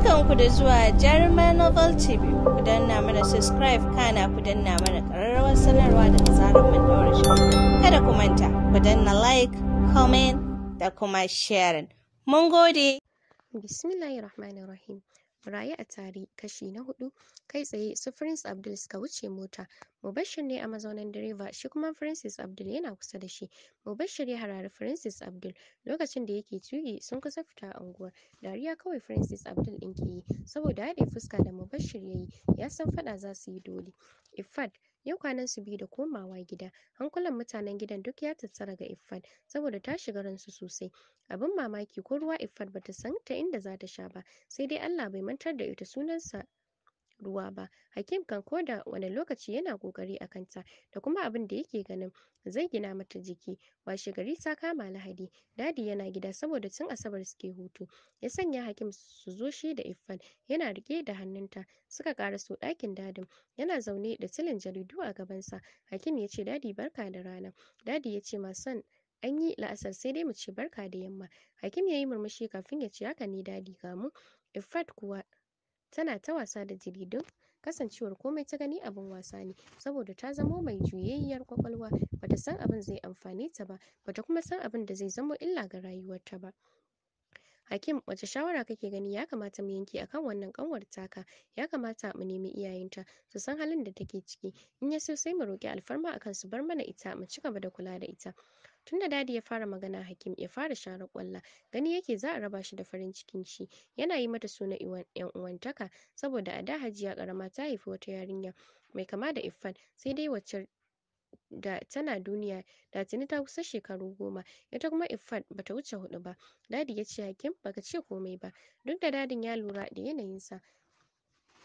barkanku da zuwa jarumar novel tv ku danna mana subscribe kana ku danna mana ƙararrawar sanarwa da tsarin mun daura shi kada ku manta ku danna like comment da kuma sharing mun gode bismillahirrahmanirrahim raye a Tare kashi na huɗu kai tsaye su Prince Abdul suka wuce mota. Mubashir ne a mazaunin direba shi kuma Francis Abdul yana kusa da shi. Mubashir ya harari Francis Abdul lokacin da yake tuki sun kusa fita a unguwar. Dariya kawai Francis Abdul ɗin ke yi saboda haɗe fuska da Mubashir ya yi ya san faɗa za su yi dole. Ifad Yau su biyu da komawa gida, hankulan mutanen gidan duk ya tattara ga Iffat saboda ta shiga ransu sosai. Abin mamaki ko ruwa Iffat bata san ta inda za ta sha ba, sai dai Allah bai mantar da ita sunansa ruwa ba Hakim kan koda wani lokaci yana kokari a kanta da kuma abin da yake ganin zai gina mata jiki washe gari ta kama Lahadi dadi yana gida saboda tun asabar suke hutu ya sanya Hakim su zo shi da Iffan yana rike da hannunta suka kara karaso ɗakin dadin yana zaune da tilin jaridu a gabansa Hakim ya ce dadi barka da rana dadi ya ce ma son an la'asar sai dai mu ce barka da yamma Hakim ya yi murmushi kafin ya ce haka ne dadi kamu Iffat kuwa tana ta wasa da jiri kasancewar komai ta gani abin wasa ne saboda ta zamo mai juyayyiyar kwakwalwa bata san abin zai amfane ta ba bata kuma san abin da zai zamo illa ga rayuwarta ta ba Hakim wace shawara kake gani ya kamata mu yanke akan wannan ƙanwar taka ya kamata mu nemi iyayenta su san halin da take ciki in ya so sai mu roƙi alfarma akan su bar mana ita mu ci gaba da kula da ita Tunda dadi ya fara magana Hakim ya fara sharar kwalla. Gani yake za a raba shi da farin cikin shi. Yana yi mata suna ‘yan uwantaka saboda a da Hajiya ƙarama ta haifi wata yarinya mai kama da Iffat sai dai wacce da tana duniya da tuni ta kusa shekaru goma ita kuma Iffat bata wuce huɗu ba dadi ya ce Hakim baka ce komai ba duk da dadin ya lura da yanayin yanayinsa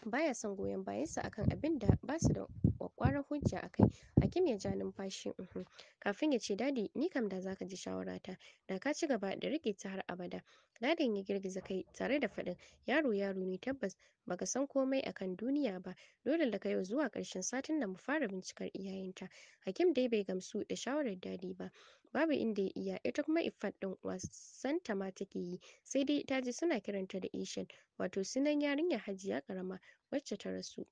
baya son goyon bayansa akan abin da basu da kwaran hujja a kai Hakim ya ja numfashi uhum kafin ya ce dadi ni kam da zaka ji shawara ta da ka ci gaba da riƙe ta har abada dadin ya girgiza kai tare da faɗin yaro yaro ne tabbas baka san komai akan duniya ba dole daga yau zuwa ƙarshen satin nan mu fara bincikar iyayenta Hakim dai bai gamsu da shawarar dadi ba babu inda ya iya ita kuma Iffat ɗin wasan ta ma take yi sai dai ta suna kiranta da Ishan wato sunan yarinyar Hajiya karama wacce ta rasu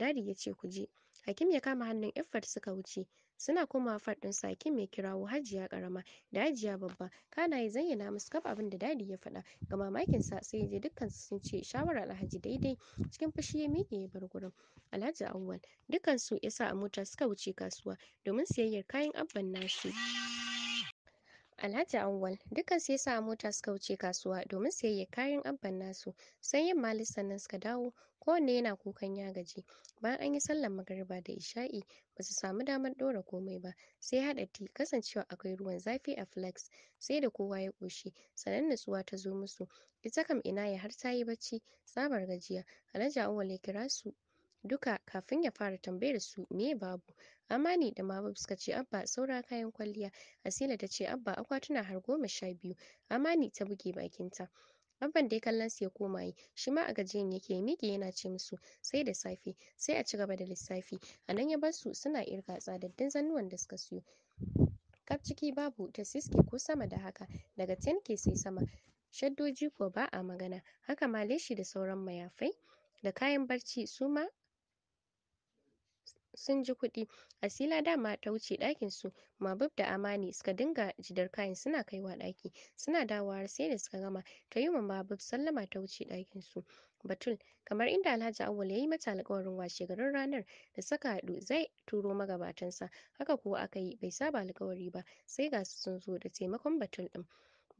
Dadi ya ce ku je. Hakim ya kama hannun Iffat suka wuce. Suna komawa fat ɗinsu Hakim ya kirawo Hajiya ƙarama da Hajiya babba. Kana ya zayyana musu kaf abin da dadi ya faɗa. Ga mamakin sa sai ya je dukkansu sun ce shawarar Alhaji daidai. Cikin fushi ya miƙe ya bar gurin. Alhaji Auwal dukkansu ya sa a mota suka wuce kasuwa domin siyayyar kayan abban nashi. Alhaji Awwal dukkan su ya sa mota suka wuce kasuwa domin sayayya kayan abban nasu. Sai yin mali sannan suka dawo kowanne yana kukan ya gaji. Bayan an yi sallar magariba da isha'i ba su samu damar ɗora komai ba sai haɗa ti kasancewa akwai ruwan zafi a flax sai da kowa ya ƙoshi sannan natsuwa ta zo musu. Ita kam ina ya har ta yi bacci tsabar gajiya. Alhaji Awwal ya kira su duka kafin ya fara tambayar su meye babu. Amani da Mabab suka ce Abba saura kayan kwalliya. Asila ta ce Abba akwatuna har goma sha biyu. Amani ta buge bakinta. Abban dai kallon su ya koma yi, shi ma a gajiyan yake miƙe yana ce musu sai da safe, sai a ci gaba da lissafi. A nan ya bar su suna irga tsadaddun zannuwan da suka siyo. Kaf ciki babu ta siske ko sama da haka, daga ke sai sama. Shaddoji kuwa ba a magana, haka ma leshi da sauran mayafai da kayan barci su ma sun ji kuɗi. a sila dama ta wuce ɗakin su Mabub da Amani suka dinga jidar kayan suna kaiwa ɗaki. Suna dawowa har sai da suka gama ta yi ma Mabub sallama ta wuce ɗakin su. Batul kamar inda Alhaji Awwal ya yi mata alƙawarin washe garin ranar da saka haɗu zai turo magabatansa haka kuwa aka yi bai saba alƙawari ba sai ga su sun zo da taimakon Batul ɗin.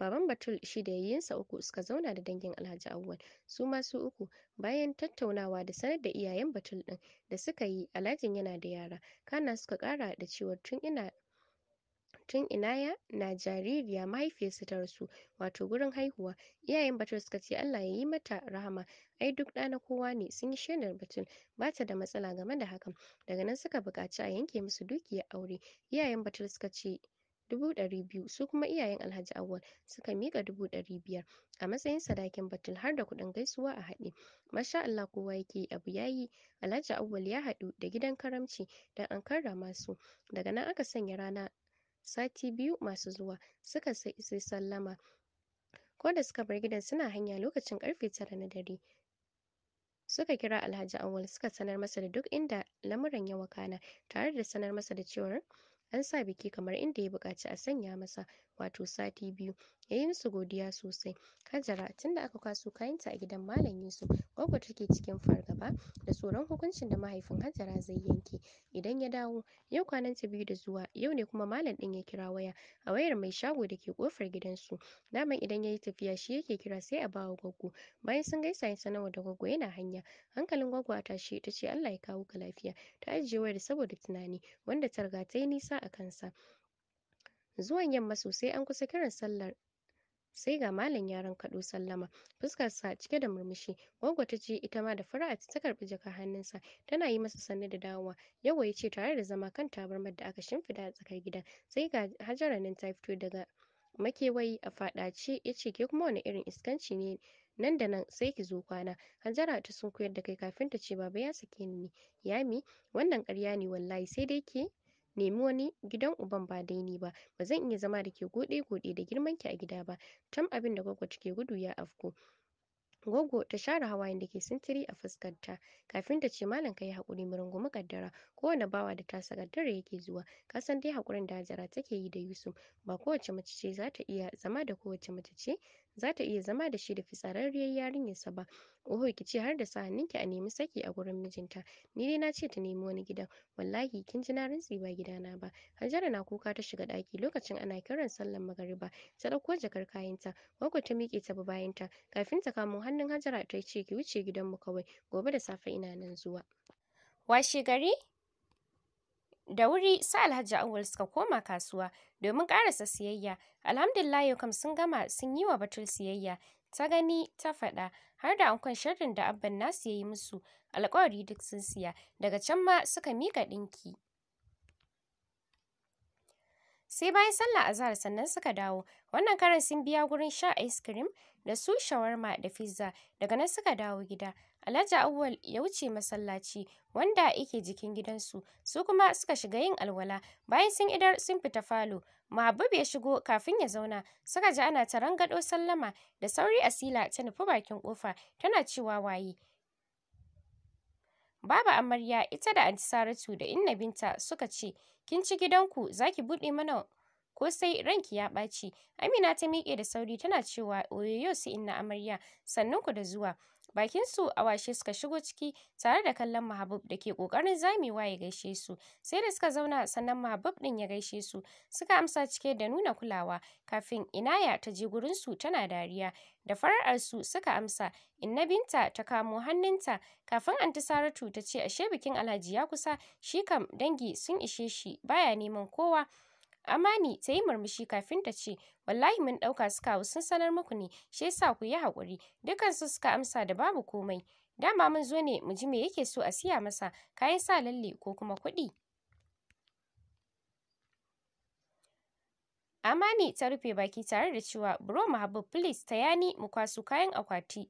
Baban Batul shi da yayyensa uku suka zauna da dangin Alhaji Awwal su ma su uku bayan tattaunawa da sanar da iyayen Batul din da suka yi Alhajin yana da yara kana suka kara da cewa tun ina tun inaya na jaririya mahaifiyarsu ta rasu wato gurin haihuwa iyayen batul suka ce Allah ya yi mata rahama ai duk ɗana kowa ne sun yi shaidar batul ba ta da matsala game da hakan daga nan suka buƙaci a yanke musu dukiyar aure iyayen batul suka ce dubu ɗari biyu su kuma iyayen alhaji awwal suka miƙa dubu ɗari biyar a matsayin sadakin batul har da kuɗin gaisuwa a haɗe masha Allah kowa yake abu yayi alhaji awwal ya haɗu da gidan karamci don an karrama su daga nan aka sanya rana sati biyu masu zuwa suka sai sallama ko da suka bar gidan suna hanya lokacin karfe tara na dare suka kira Alhaji Awal suka sanar masa da duk inda lamuran ya wakana tare da sanar masa da cewar an sa biki kamar inda ya buƙaci a sanya masa wato sati biyu ya yi musu godiya sosai Hajara tunda aka kwaso kayanta a gidan Malam Yusuf Gwaggo take cikin fargaba da tsoron hukuncin da mahaifin Hajara zai yanke idan ya dawo yau kwanan ta biyu da zuwa yau ne kuma malam din ya kira waya a wayar mai shago da ke kofar gidansu daman idan yayi tafiya shi yake kira sai a bawa Gwaggo bayan sun gaisa ya sanarwa da Gwaggo yana hanya hankalin Gwaggo a tashi ta ce Allah ya kawo ka lafiya ta ajiye wayar saboda tunani wanda ta riga ta yi nisa a kansa zuwan yamma sosai an kusa kiran sallar sai ga malam yaran kaɗo sallama fuskarsa cike da murmushi gwaggo ta je ita ma da fara'a ta karɓi jaka hannunsa tana yi masa sannu da dawowa yawa ya ce tare da zama kan tabarmar da aka shimfida a tsakar gidan sai ga hajara nan ta fito daga makewayi a faɗace ya ce ke kuma wani irin iskanci ne nan da nan sai ki zo kwana hajara ta sun koyar da kai kafin ta ce baba ya sake ni yami wannan ƙarya ne wallahi sai dai ke nemi wani gidan uban ba daini ba ba zan iya zama da ke goɗe goɗe da girman ki a gida ba tam abin da goggo ke gudu ya afko Gogo ta share hawayen da ke sintiri a fuskarta kafin ta ce malam kai hakuri mu rungumi kaddara kowane bawa da tasa kaddara yake zuwa ka san dai hakurin da Hajara take yi da Yusuf ba kowace mace ce za ta iya zama da kowace mace ce za ta iya zama da shi da fitsararriyar yarinyarsa ba oho ki ce har da sa ki a nemi saki a gurin mijinta ni dai na ce ta nemi wani gidan wallahi kin ji na rantsi ba gidana ba hajara na kuka ta shiga ɗaki lokacin ana kiran sallar magariba ta ɗauko jakar kayanta wako ta miƙe ta bi bayanta kafin ta kamo hannun hajara ta ce ki wuce gidanmu kawai gobe da safe ina nan zuwa washe gari Da wuri su Alhaji Auwal suka koma kasuwa domin ƙarasa siyayya. Alhamdulillah yau kam sun gama sun yi wa Batul siyayya. Ta gani ta faɗa har da ankon sharrin da abban nasu ya yi musu alƙawari duk sun siya. Daga can ma suka mika ɗinki. sai bayan sallah azhar sannan suka dawo wannan karan sun biya gurin sha ice cream da su shawarma da pizza daga nan suka dawo gida Alhaji Auwal ya wuce masallaci wanda yake jikin gidansu, su kuma suka shiga yin alwala. Bayan sun idar sun fita falo, Mahabub ya shigo kafin ya zauna, suka ji ana ta rangado sallama da sauri Asila ta nufi bakin kofa tana cewa waye. Baba Amarya ita da Anti Saratu da Inna Binta suka ce, "Kin ci gidanku, zaki buɗe mana ko sai ranki ya ɓaci." Amina ta miƙe da sauri tana cewa, "Oyoyo su Inna Amarya, sannan ku da zuwa." bakin su a washe suka shigo ciki tare da kallon Mahabub da ke kokarin zamewa ya gaishe su sai da suka zauna sannan Mahabub din ya gaishe su suka amsa cike da nuna kulawa kafin Inaya ta je gurin su tana dariya da fara'ar su suka amsa Inna Binta ta kamo hannunta kafin Anti Saratu ta ce ashe bikin Alhaji ya kusa shi kam dangi sun ishe shi baya neman kowa Amani ta yi murmushi kafin ta ce, Wallahi mun ɗauka suka hau sun sanar muku ne, shi yasa ku yi haƙuri. Dukansu suka amsa da babu komai. Dama mun zo ne mu ji me yake so a siya masa, kayan sa lalle ko kuma kuɗi. Amani ta rufe baki tare da cewa, Bro Mahabub, please ta yani mu kwaso kayan akwati.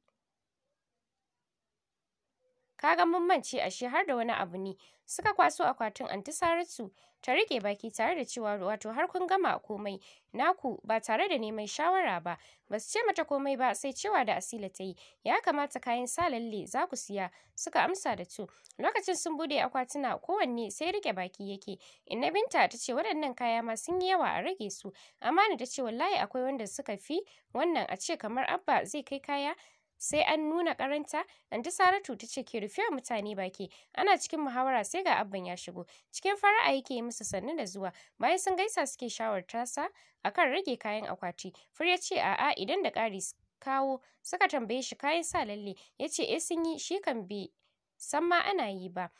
kaga mun mance ashe har da wani abu ne suka kwaso akwatin anti Saratu ta rike baki tare da cewa wato har kun gama komai naku ba tare da neman shawara ba Ba su ce mata komai ba sai cewa da Asila ta yi ya kamata kayan sa lalle, za ku siya suka amsa da to lokacin sun bude akwatuna kowanne sai rike baki yake inna binta ta ce waɗannan kaya ma sun yi yawa a rage su amana ta ce wallahi akwai wanda suka fi wannan a ce kamar abba zai kai kaya sai an nuna karanta anti saratu ta ce ki rufe mutane baki ana cikin muhawara sai ga abban ya shigo cikin fara'a yake yi musu sannu da zuwa bayan sun gaisa suke tasa, akan rage kayan akwati fur ya ce a'a idan da ƙari kawo suka tambaye shi kayan sa lalle ya ce eh sun yi shi kan bi san ma ana yi ba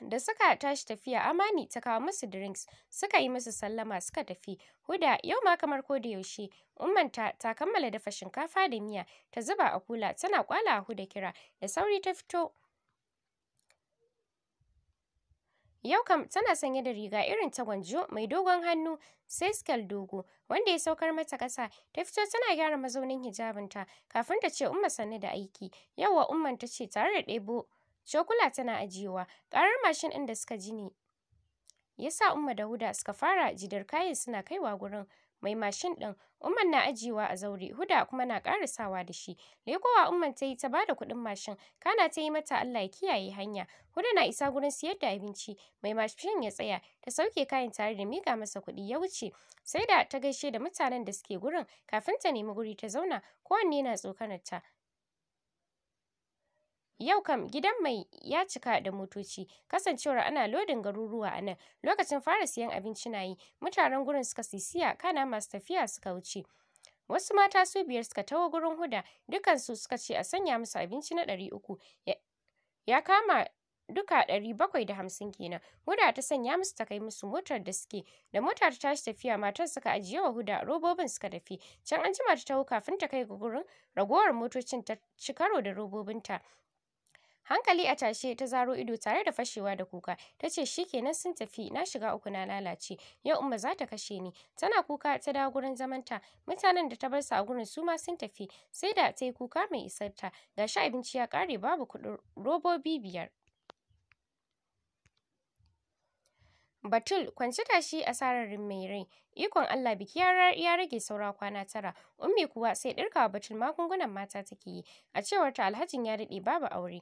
da suka tashi tafiya amani ta kawo musu drinks suka yi musu sallama suka tafi huda yau ma kamar ko da yaushe ummanta ta kammala dafa shinkafa da miya ta zuba a kula tana kwala a huda kira da sauri ta fito Yau kam tana sanye da riga irin ta gwanjo mai dogon hannu sai skel dogo wanda ya saukar mata ƙasa ta fito tana gyara mazaunin hijabinta kafin ta ce umma sannu da aiki. Yauwa umman ta ce tare da ɗebo cokula tana ajiyewa. Ƙarar mashin ɗin da suka ji ne ya sa Umma da Huda suka fara jidar kayan suna kaiwa gurin mai mashin ɗin. Umman na ajiyewa a zaure, Huda kuma na ƙarasawa da shi. Lekowa Umman ta yi ta ba da kuɗin mashin, kana ta yi mata Allah ya kiyaye hanya. Huda na isa gurin siyar da abinci, mai mashin ya tsaya, ta sauke kayan tare da miƙa masa kuɗi ya wuce. Sai da ta gaishe da mutanen da suke gurin, kafin ta nemi guri ta zauna, kowanne na tsokanar ta. Yau kam gidan mai ya cika da motoci, kasancewar ana lodin garuruwa a nan. Lokacin fara siyan abinci na yi, mutanen gurin suka sisiya kana masu tafiya suka wuce. Wasu mata su biyar suka taho gurin Huda, dukansu suka ce a sanya musu abinci na ɗari uku. Ya, kama duka ɗari bakwai da hamsin kenan. Huda ta sanya musu ta kai musu motar da suke. Da mota ta tashi tafiya matar suka ajiye wa Huda robobin suka tafi. Can an jima ta taho kafin ta kai gurin ragowar motocin ta ci karo da robobinta. Hankali a tashe ta zaro ido tare da fashewa da kuka. Ta ce kenan sun tafi na shiga uku na lalace. Yau umma za ta kashe ni. Tana kuka ta dawo gurin zamanta. Mutanen da ta bar su a gurin su ma sun tafi. Sai da ta yi kuka mai isar ta. Gashi abinci ya kare babu kuɗin robobi biyar. Batul kwanci tashi a sararin mai rai. Ikon Allah biki ya rage saura kwana tara. Ummi kuwa sai ɗirkawa Batul magungunan mata take yi. A cewar ta alhajin ya daɗe babu aure.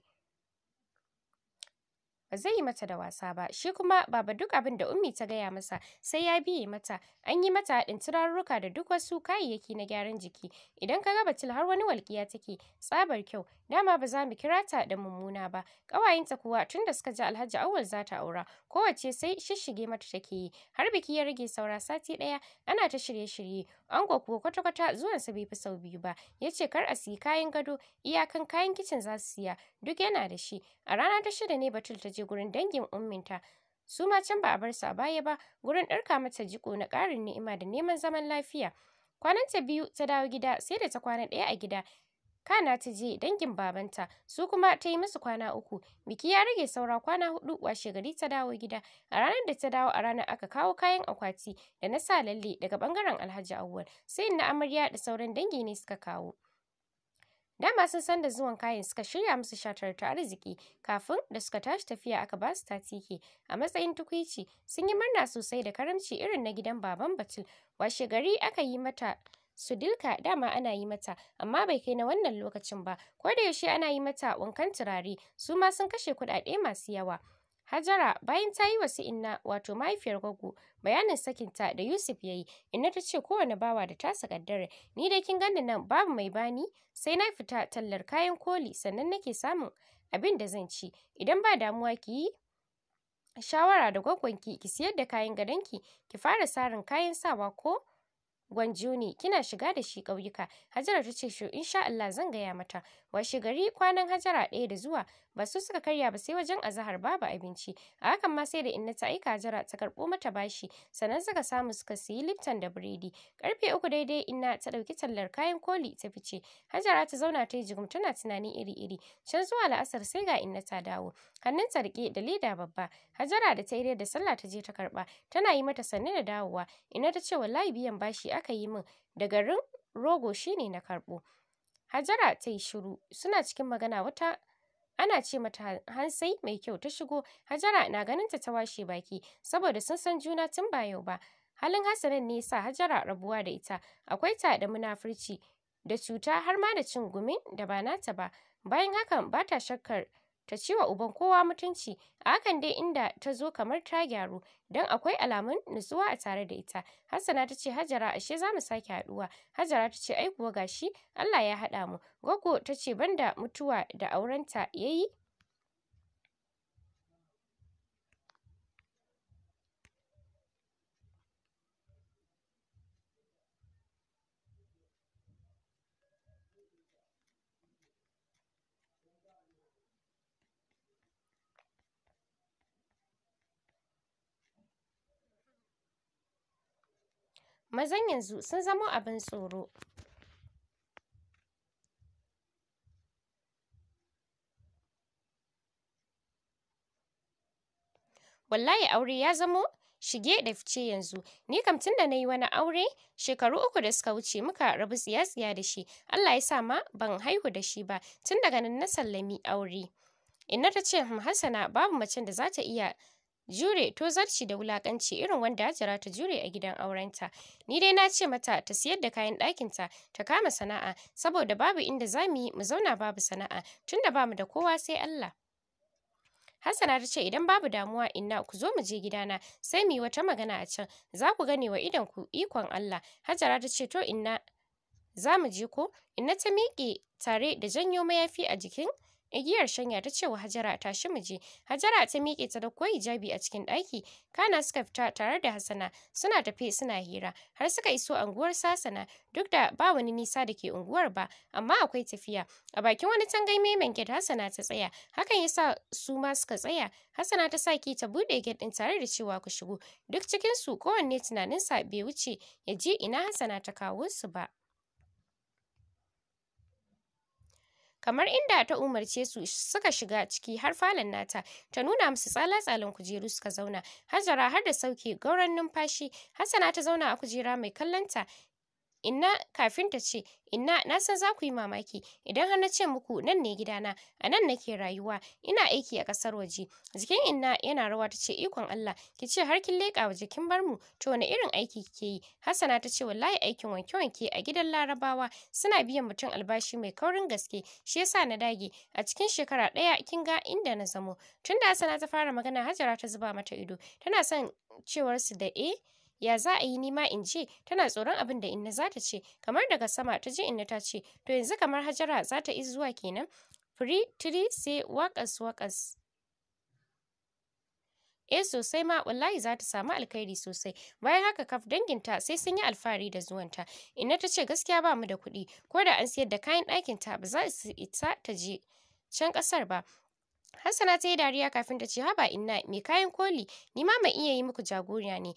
ba zai yi mata da wasa ba shi kuma baba duk abin da ummi ta gaya masa sai ya biye mata an yi mata haɗin turarruka da duk wasu kayayyaki na gyaran jiki idan ka ga batul har wani walƙiya take tsabar kyau dama ba za mu kira ta da mummuna ba ƙawayenta kuwa tun da suka ji alhaji awwal za ta aura kowace sai shishige mata take yi har biki ya rage saura sati ɗaya ana ta shirye-shirye ango kuwa kwata-kwata sa bai fi sau biyu ba ya ce kar a siyi kayan gado iyakan kayan kicin za su siya duk yana da shi a rana ta shida ne batul ta je gurin dangin umminta su ma can ba a bar su a baya ba gurin ɗarka mata jiko na ƙarin ni'ima da neman zaman lafiya kwanan ta biyu ta dawo gida sai da ta kwana ɗaya a gida kana ta je dangin babanta su kuma ta yi musu kwana uku biki ya rage saura kwana hudu washe gari ta dawo gida a ranar da ta dawo a ranar aka kawo kayan akwati da na sa lalle daga bangaren alhaji auwal sai na amarya da sauran dangi ne suka kawo Dama sun san da zuwan kayan suka shirya musu shatar ta arziki kafin da suka tashi tafiya aka ba su ta tike. a matsayin tukwici sun yi murna sosai da karamci irin na gidan baban Batul washe gari aka yi mata su dilka dama ana yi mata amma bai kai na wannan lokacin ba ko da yaushe ana yi mata wankan turare su ma sun kashe kuɗaɗe masu yawa Hajara bayan ta yi wa su Inna wato mahaifiyar Gwaggo bayanin sakinta da Yusuf yayi yi, Inna ta ce kowane bawa da tasa kaddara, ni dai kin gani nan babu mai bani sai na fita tallar kayan koli sannan nake samun abin da zan ci, idan ba damuwa ki yi shawara da gwaggonki ki siyar da kayan gadonki ki fara sarin kayan sawa ko gwanjo ne kina shiga da shi ƙauyuka Hajara ta ce sho insha Allah zan gaya mata washe gari kwanan hajara ɗaya da zuwa ba su suka karya ba sai wajen azahar babu abinci a hakan ma sai da inna ta aika hajara ta karɓo mata bashi sannan suka samu suka siyi lipton da biredi karfe uku daidai inna ta ɗauki tallar kayan koli ta fice hajara ta zauna ta yi jigum tana tunani iri-iri can zuwa la'asar sai ga inna ta dawo hannunta riƙe da leda babba hajara da ta yi da sallah ta je ta karɓa tana yi mata sanne da dawowa inna ta ce wallahi biyan bashi aka yi min da garin rogo shine na karɓo Hajara ta yi shiru suna cikin magana wata ana ce mata hansai mai kyau ta shigo Hajara na ganin ta washe baki saboda sun san juna tun ba yau ba. Halin hassanan ne sa Hajara rabuwa da ita akwai ta da munafurci da cuta har ma da cin gumin da ba nata ba bayan hakan ba ta shakkar ta ciwa uban kowa mutunci a hakan dai inda ta zo kamar ta gyaru don akwai alamun nutsuwa a tare da ita hassana ta ce hajara ashe za mu sake haɗuwa hajara ta ce ai kuwa gashi allah ya haɗa mu Gwaggo ta ce banda mutuwa da aurenta ya yi mazan yanzu sun zamo abin tsoro. Wallahi aure ya zamo shige da fice yanzu ni kam tunda na yi wani aure shekaru uku da suka wuce muka rabu tsiya-tsiya da shi Allah ya sa ma ban haihu da shi ba tun daga nan na sallami aure inna ta ce hmm, Hassana babu macen da za ta iya Jure to zarci da wulakanci irin wanda Hajara ta jure a gidan aurenta. Ni dai na ce mata ta siyar da kayan ɗakinta ta kama sana'a saboda babu inda za mu yi mu zauna babu sana'a tun tunda bamu da kowa sai Allah. Hassana ta ce idan babu damuwa inna ku zo mu je gidana sai mu yi wata magana a can za ku gane wa idon ku ikon Allah. Hajara ta ce to inna za mu je ko inna ta miƙe tare da janyo mayafi a jikin Igiyar shanya ta ce wa Hajara tashi mu je. Hajara ta miƙe ta da koyi hijabi a cikin ɗaki. Kana suka fita tare da Hassana suna tafe suna hira har suka iso anguwar Sasana duk da ba wani nisa da ke unguwar ba amma akwai tafiya. A bakin wani tangaime mai gate Hassana ta tsaya hakan yasa su ma suka tsaya. Hassana ta sa ki ta buɗe gate ɗin tare da cewa ku shigo. Duk cikin su kowanne tunaninsa bai wuce ya je ina Hassana ta kawo su ba. kamar inda ta umarce su suka shiga ciki har falon nata ta nuna musu tsala-tsalan kujeru suka zauna hajara har da sauke gauran numfashi hassana ta zauna a kujera mai kallonta Inna kafin ta ce, Inna na san za ku yi mamaki idan har na ce muku nan ne gidana, a nan nake rayuwa, ina aiki a ƙasar waje. Jikin Inna yana rawa ta ce ikon Allah, ki ce har kin leƙa wa jikin mu to wani irin aiki kike yi? hasana ta ce wallahi aikin wanke-wanke a gidan Larabawa suna biyan mutum albashi mai kaurin gaske, shi yasa na dage. A cikin shekara ɗaya kin ga inda na zamo. Tunda hasana ta fara magana Hajara ta zuba mata ido, tana son cewar su da eh ya za a yi nima in je tana tsoron abin da inna za ta ce kamar daga sama ta ji inna ta ce to yanzu kamar hajara za ta zuwa kenan free tiri, sai wakas wakas eh sosai ma wallahi za ta samu alkhairi sosai bayan haka kaf danginta sai sun yi alfahari da zuwanta inna ta ce gaskiya ba mu da kuɗi ko da an sayar da kayan ɗakinta ba za su isa ta je can ƙasar ba Hassana ta yi dariya kafin ta ce haba inna mai kayan koli ni ma mai iya yi muku jagoriya ne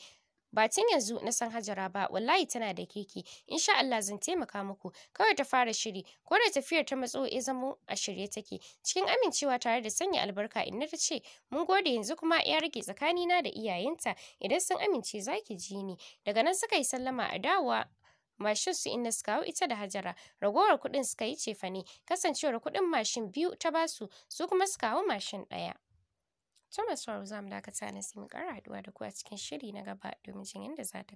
ba tun yanzu na san Hajara ba wallahi tana da keke insha Allah zan taimaka muku kawai ta fara shiri ko da tafiyar ta matso ya zamo a shirye take cikin amincewa tare da sanya albarka inna ta ce mun gode yanzu kuma ya rage tsakanina da iyayenta idan sun amince zaki ji ni daga nan suka yi sallama a dawowa mashin su inna suka hau ita da hajara ragowar kuɗin suka yi cefane kasancewar kuɗin mashin biyu ta basu su kuma suka hau mashin ɗaya Thomas Rawar za mu dakata na sai mu kara haɗuwa da ku a cikin shiri na gaba domin jin yadda za ta